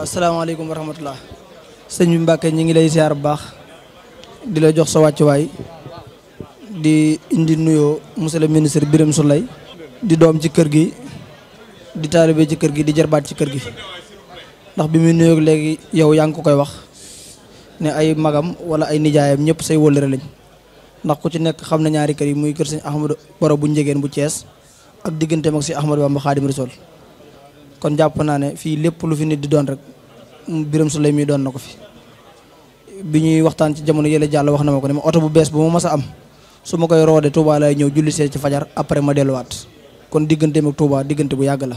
Assalamualaikum warahmatullah. wa rahmatullah sëñ bi ñi ngi lay ziar bax di la jox sa way di indi nuyo monsieur le ministre birim di dom ci kër gi di talibé ci kër gi di jarbaat ci kër gi ndax bi mi nuyo léegi yow yang ko koy wax né ay magam wala ay nijaayam ñepp say wolere lañ ndax ku ci nek xamna ñaari kër yi muy kër sëñ Ahmadou Baro bu bu ties ak digënté mak si Ahmadou Bamba khadim rasoul kon japp na ne fi lepp lu fi nit di don rek birum sulay mi don nako fi biñuy waxtan ci jamono yele jall wax na mako ne auto bu bes bu ma massa am suma koy roode Touba lay ñew julli ci fajar après ma wat kon digënté mak Touba digënté bu yàgg la.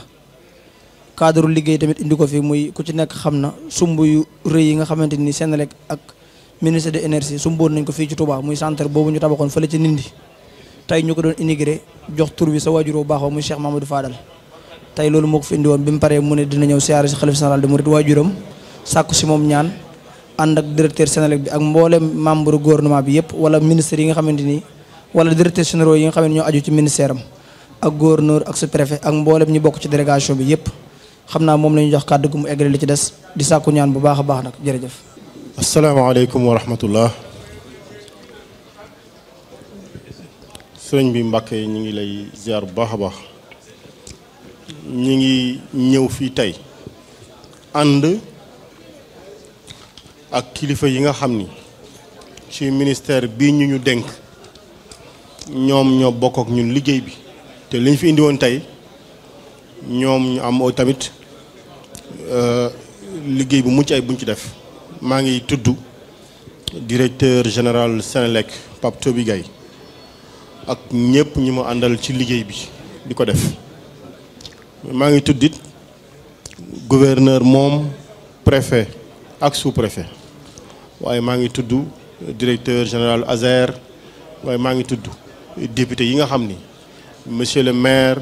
cadre liggéey tamit indi ko fi muy ku ci nek xamna sumbu yu reuy yi nga xamanteni ni Senelec ak ministre de énergie sumbu nañ ko fi ci Touba muy centre bobu ñu tabaxoon fele ci Nindi tay ñuko doon jox tour bi sa wajuro baxo muy Cheikh Mamadou Fadal. tey loolu moo ko fi indi woon bi mu paree mu ne dina ñëw siyaare si xalif général de Mouride waajuram sàkku si moom ñaan ànd ak directeur Senelec bi ak mbooleem membre gouvernement bi yëpp wala ministre yi nga xamante ni wala directeur généraux yi nga xam ne ñoo aju ci ministère am ak gouverneur ak sous-préfet ak mbooleem ñu bokk ci délégation bi yëpp xam naa moom la ñu jox kàddu gu mu eggale li ci des di sàkku ñaan bu baax a baax nag jërëjëf. asalaamaaleykum wa rahmatullah. sëriñ bi Mbàkke ñu ngi lay ziar bu baax a baax. ñi ngi ñëw fii tey ànd ak kilifa yi nga xam ni ci ministère bi ñu ñu dénk ñoom ñoo bokk ak ñun liggéey bi te li ñu fi indi woon tey ñoom ñu am tamit euh, liggéey bu mucc ay buñ ci def maa ngi tudd directeur général Sénélec Pape Toby Gaye ak ñëpp ñi ma àndal ci liggéey bi di ko def maa ngi tuddit gouverneur moom préfet ak sous-préfet waaye maa ngi tudd directeur général Azer waaye maa tudd député yi nga xam monsieur le maire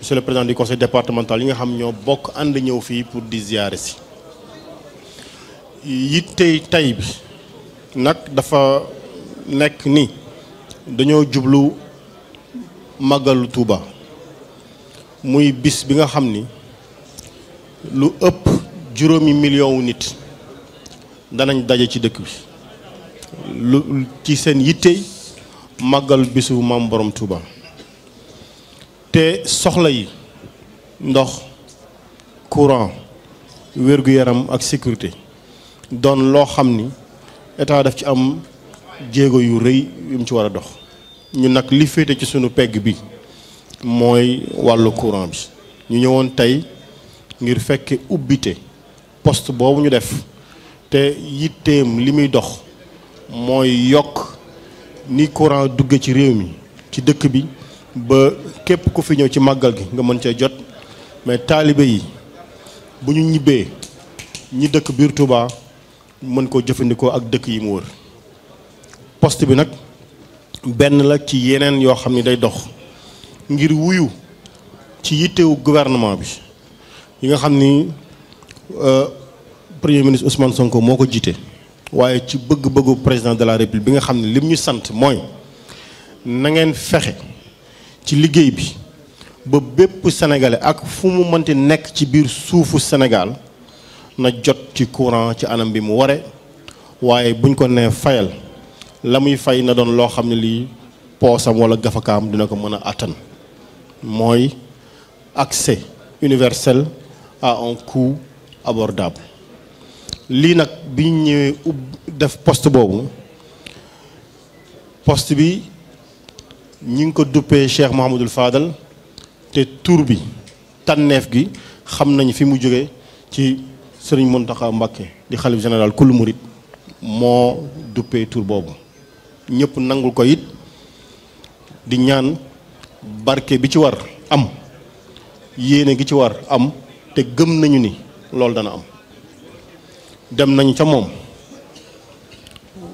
monsieur le président du conseil départemental yi nga xam ñoo bokk ànd ñëw fii pour di ziyaare si yittey tay bi nag dafa nekk ni dañoo jublu magalutuba. muy bis bi nga xam ni lu ëpp juróomi million wu nit danañ daje ci dëkk bi lu ci seen yittey màggal bisu maam borom Touba te soxla yi ndox courant wér-gu-yaram ak sécurité doon loo xam ni état daf ci am jéego yu rëy yu mu ci war a dox ñu nag li féete ci sunu pegg bi mooy wàllu courant bi ñu ñëwoon tey ngir fekke ubbite post boobu ñu def te yitteem li muy dox mooy yokk ni courant dugge ci réew mi ci dëkk bi ba képp ku fi ñëw ci màggal gi nga mën cee jot mais taalibe yi bu ñu ñibbee ñi dëkk biir Touba mën koo jëfandikoo ak dëkk yi mu wër poste bi nag benn la ci yeneen yoo xam ni day dox ngir wuyu ci yittewu gouvernement bi yi nga xam ni euh, premier ministre Ousmane Sonko moo ko jiite waaye ci bëgg-bëggu président de la république bi nga xam ne lim ñu sant mooy nangeen fexe ci liggéey bi ba bépp sénégalais ak fu mu mënti nekk ci biir suufu Sénégal na jot ci courant ci anam bi mu ware waaye buñ ko nee fayal la muy fay na doon loo xam ne lii poosam walla gafakaam dina ko mën a àttan mooy accès universel à un coût abordable lii nag ou de def poste boobu poste bi ñi ngi ko duppee Cheikh Mouhamadul Fadal te tur bi tànneef gi Qui nañ fi mu jóge ci Serigne Mountakha Mbacké di xalif général kullu murit moo duppee tur boobu ñëpp nangul ko it di ñaan barke bi ci war am yéene gi ci war am te gëm nañu ni loolu dana am dem nañ ca moom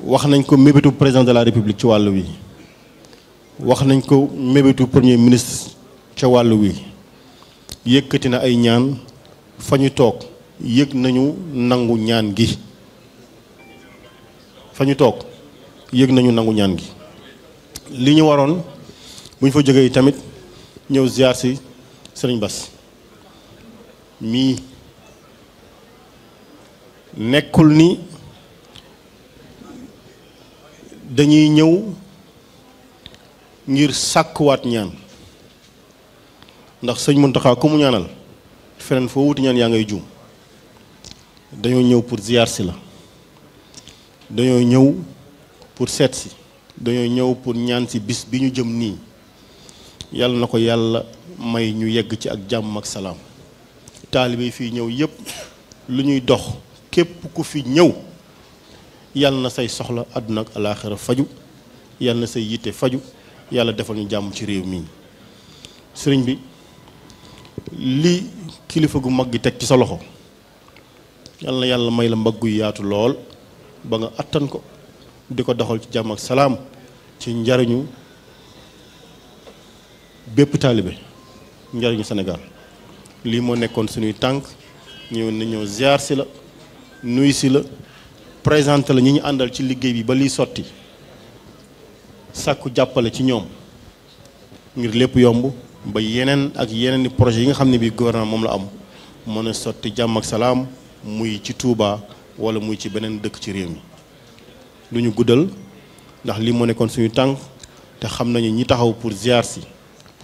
wax nañ ko mébétu président de la république ci wàll wi wax nañ ko mébétu premier ministre ca wàll wi yëkkati na ay ñaan fa ñu toog yëg nañu nangu ñaan gi fa ñu toog yëg nañu nangu ñaan gi li ñu waroon bu ñu fa jógee tamit ñëw ziar si sëriñ Bas mii nekkul ni dañuy ñëw ngir sàkkuwaat ñaan ndax sëñ Muntaxa ku mu ñaanal feneen foo wuti ñaan yaa ngay juum dañoo ñëw pour ziar la dañoo ñëw pour seet si dañoo ñëw pour ñaan si bis bi ñu jëm nii yàlla na ko yàlla may ñu yegg ci ak jàmm ak salaam taalibe yi fii ñëw yépp lu ñuy dox képp ku fi ñëw yàlla na say soxla àdduna ak alaaxira faju yàlla na say yitte faju yàlla defal ñu jàmm ci réew mi sëriñ bi li kilifa gu mag gi teg ci sa loxo yàlla na yàlla may la mbaggu yaatu lool ba nga àttan ko di ko doxal ci jàmm ak salaam ci njariñu bépp taalibe njariñu senegal lii moo nekkoon suñuy tànk ñëw na ñëw ziar si la nuyu si la présenté la ñi ñu àndal ci liggéey bi ba liy sotti sàkku jàppale ci ñoom ngir lépp yomb ba yeneen ak yeneen i projet yi nga xam ne bii gouvernement moom la am mën a sotti jàmm ak salaam muy ci Touba wala muy ci beneen dëkk ci réew mi lu ñu guddal ndax lii moo nekkoon suñu tànk te xam nañu ñi taxaw pour ziar si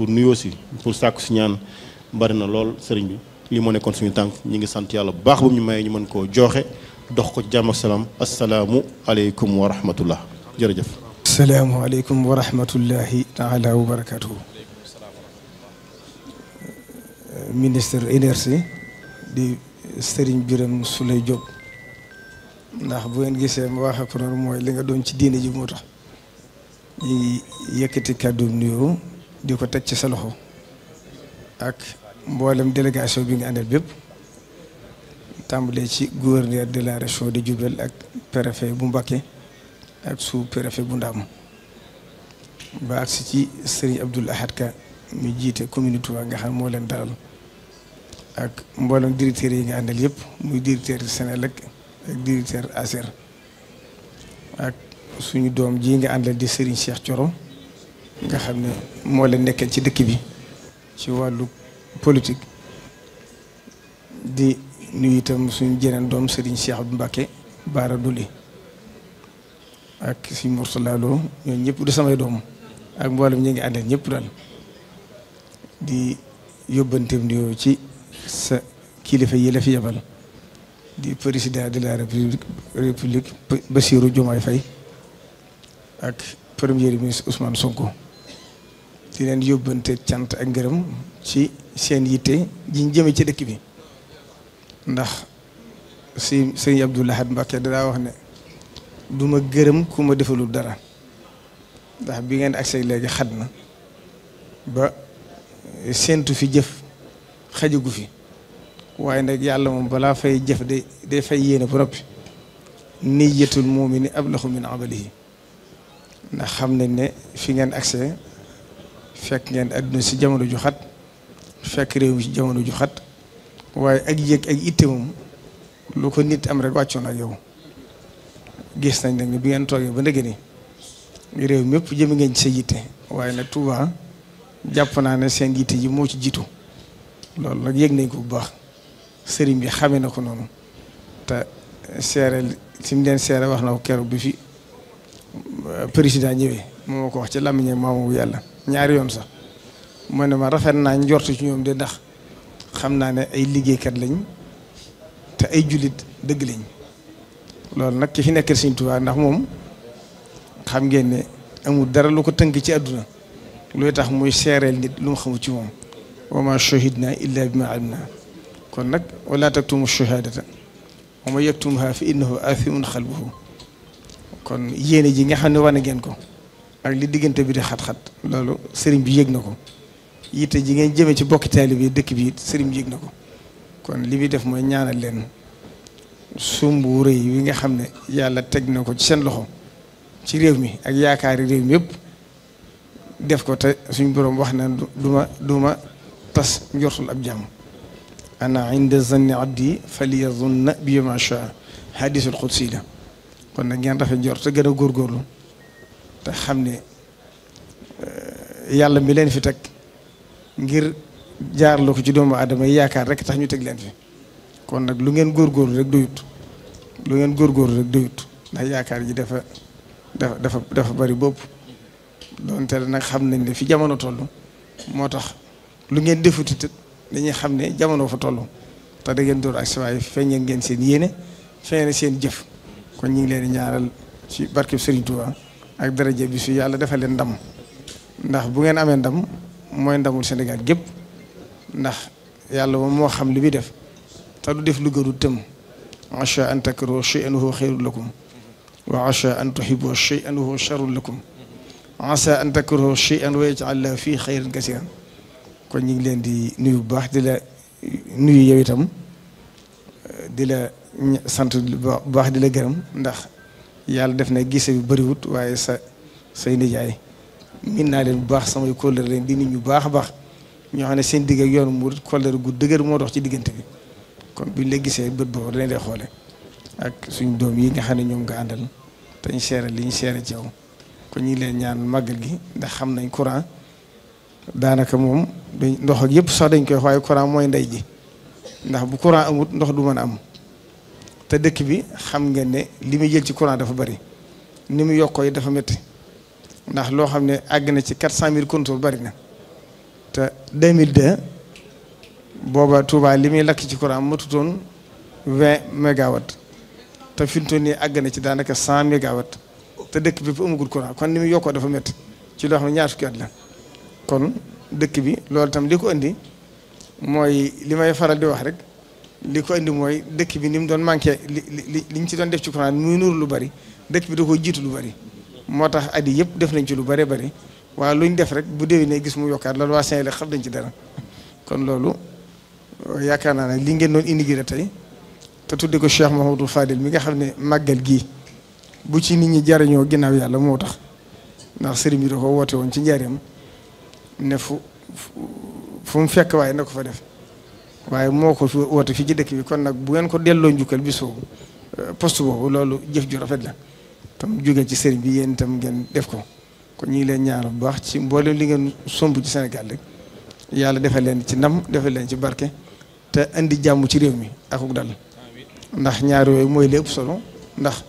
pour nuyoo si pour sàkku si ñaan bari na lool sëriñ bi lii moo nekkoon suñu tànk ñu ngi sant yàlla bu baax bu ñu mayee ñu mën koo jooxe dox ko ci jàmm ak salaam asalaamu aleykum wa rahmatullah jërëjëf. salaamualeykum wa rahmatullahi taala wa barakatuhu. ministre énergie di Serigne Birame Souleye Diop ndax bu ngeen gisee ma waxee ko noonu mooy li nga doon ci diine ji moo tax. ñu ngi yëkkati kàddu nuyoo. di ko teg ci sa loxo ak mboolem délégation bi nga àndal bépp tàmbalee ci gouverneur de la région de Diourbel ak préfet bu Mbacké ak su préfet bu Ndaam ba si ci Serigne Abdoul Ahad Ka mu jiite commune waa nga xam moo leen dalal ak mboolem directeurs yi nga àndal yëpp muy directeur Senelec ak directeur ASER ak suñu doom ji nga àndal di Serigne Cheikh Thioro nga xam ne moo la nekkee ci dëkk bi ci wàllu politique di nuyu itam suñ jeneen doom Serigne Cheikh Abdou Mbacké Baara Duli ak si Mourtala ñoo ñooñu ñëpp du samay doom ak mboolem ñu ngi àndal ñëpp daal di yóbbanteem nuyoo ci sa kilifa yi yebal di président de la république république Bassirou Diomaye Faye ak premier ministre Ousmane Sonko. di leen yóbbante cant ak ngërëm ci seen yitte ji ñu jëme ci dëkk bi ndax si sëñ Abdou Lahad Mbacké daa wax ne du ma gërëm ku ma defalul dara ndax bi ngeen agsee léegi xat na ba séentu fi jëf xajagu fi waaye nag yàlla moom balaa fay jëf day day fay yéene ba noppi niyatul mu'mini ablahu min amalihi ndax xam nañ ne fi ngeen agsee fekk ngeen àdduna si jamono ju xat fekk réew mi si jamono ju xat waaye ak yéeg ak itte moom lu ko nit am rek wàccoon ak yow gis nañ nag bi ngeen toogee ba ndege ni réew mi yëpp jëmi ngeen ci sa yitte waaye nag Touba jàpp naa ne seen yitte ji moo ci jiitu loolu nag yëg nañ ko bu baax sëriñ bi xame na ko noonu te seereel si mu leen seere wax na ko keroog bi fi euh, président ñëwee moo ko wax ci làmmiñam maamu yàlla ñaar yoon sax mu ne ma rafet naa njortu ci ñoom de ndax xam naa ne ay liggéeykat lañ te ay julit dëgg lañ loolu nag ki fi nekk Sëriñ Tuubaa ndax moom xam ngeen ne amul dara lu ko tënk ci àdduna luy tax muy seereel nit lu mu xamul ci moom wa ma shahidna illa bi ma alim na kon nag wala taktumu shahadata wa man yaktumha fa innahu athimun qalbuhu kon yéene ji nga xam ne wane ngeen ko ak li diggante bi di xat-xat loolu sëriñ bi yéeg na ko yitte ji ngeen jëmee ci bokki taali bi dëkk bi it sëriñ bi yëg na ko kon li muy def mooy ñaanal leen sumb wu wi nga xam ne yàlla teg na ko ci seen loxo ci réew mi ak yaakaari réew mi yëpp def ko te suñ boroom wax na duma duma tas njortul ab jàmm ana inda zanni abdi faliyazunna bi ma shaa hadisul qudsi la kon nag ngeen rafet njort te gën a góor góorlu te xam ne yàlla mi leen fi teg ngir jaarloo ko ci doomu aadama yi yaakaar rek tax ñu teg leen fi kon nag lu ngeen góorgóorlu rek doyut lu ngeen góor rek doyut ndax yaakaar ji dafa dafa dafa dafa bari bopp doonte nag xam nañ ne fi jamono toll moo tax lu ngeen defuti te dañuy xam ne jamono fa toll te da ngeen door ak si waaye ngeen seen yéene feeñal seen jëf kon ñu ngi leen di ñaaral ci barkeb Serigne ak daraja bi fi yàlla defal leen ndam ndax bu ngeen amé ndam moy ndamul Sénégal gep ndax yàlla mo mo xam li bi def ta du def lu gënu tëm asha an takru shay'an huwa khayrun lakum wa asha an tuhibu shay'an huwa sharrun lakum asha an takru shay'an wa yaj'al fi fii kaseeran kasiran kon ñu ngi leen di nuyu bax di la nuyu yow itam di la sant bu baax di la gërëm ndax yàlla def na gise bi bëriwut waaye sa say nijaay min naa leen bu baax samay kóllëre leen di nit ñu baax a baax ñoo xam ne seen digg ak yoonu mu kóllëre gu dëgër moo dox ci diggante bi kon buñ la gisee bët boobu dañ lay xoole ak suñ doom yi nga xam ne ñoom nga àndal te ñu seere ci yow kon ñu leen ñaan màggal gi ndax xam nañ courant daanaka moom dañ ndox ak yëpp sax dañ koy waaye courant mooy ndey ji ndax bu courant amut ndox du mën a am te dëkk bi xam ngeen ne li muy jël ci courant dafa bari ni mu yokkoo dafa métti ndax loo xam ne àgg na ci quatre cent mille compteurs bari na te deux mille deux booba Touba li muy lakk ci courant matutoon vingt mégawatts te fi mu toll nii àgg na ci daanaka cent mégawatts te dëkk bi amagul courant kon ni mu yokkoo dafa métti ci loo xam ne ñaar fukki at la kon dëkk bi loolu tam li ko indi mooy li may faral di wax rek. li ko indi mooy dëkk bi ni mu doon manqué li li li ñu ci doon def ci courant muy nuur lu bari dëkk bi da ko jiitu lu bari moo tax at yi yëpp def nañ ci lu bari bari waaye lu ñu def rek bu déwénee gis mu yokkaat loolu waa Saint-Louis xam nañ ci dara kon loolu yaakaar naa ne li ngeen doon indigré tey te tudde ko Cheikh Mahamadou mi nga xam ne màggal gii bu ci nit ñi jariñoo ginnaaw yàlla moo tax ndax sëriñ bi da ko woote woon ci njaareem ne fu fu mu fekk waaye na ko fa def waaye moo ko fi fii ci dëkk bi kon nag bu ngeen ko delloo njukkal bi boobu euh, post boobu loolu jëf ju rafet la tam jóge ci sëriñ bi yéen itam ngeen def ko kon ñu leen ñaanal bu baax ci mboolem li ngeen somb ci Sénégal rek yàlla defal leen ci nam defal leen ci barke te indi jàmm ci réew mi akuk dal ndax ñaar yooyu mooy li ëpp solo ndax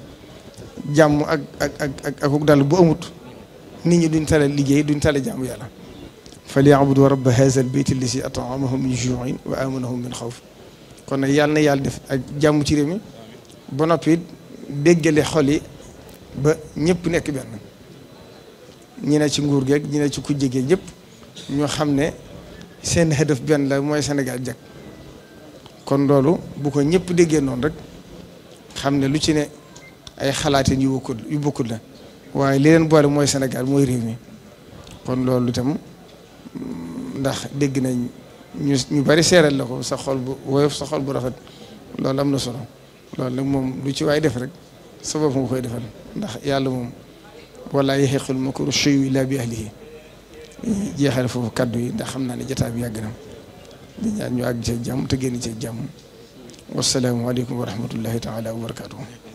jàmm ak ak ak ak akuk dal bu amut nit ñi duñ tale liggéey duñ tale jàmm yàlla فليعبدوا رب هذا البيت الذي اطعمهم من جوع وامنهم من خوف كون يالنا يال ديف جام تي ريمي بونوبي jàmm خولي با mi نيك بن ني نا سي نغور ñëpp ني نا سي كوجي ci nguur ño xamne ne seen hëdëf ben la moy Sénégal jag kon lolu bu ko ñëpp déggé non rek xamne lu ci ne ay xalaatin ñu wukul yu bokkul la waye li leen boole moy Sénégal moy réew mi kon lolu tam ndax dégg nañ ñu bari seeral la ko sa xol bu woyof sa xol bu rafet loolu am na solo loolu nag moom lu ci waay def rek sa bopp nga koy defal ndax yàlla moom wala yahiqul makru shay'un illa bi ahlihi jeexal foofu kàddu yi ndax xam naa ne jotaay bi yàgg na di ñaan ñu àgg ci jàmm te génn ci jàmm wasalaamualeykum wa rahmatullahi taala wa barakatuh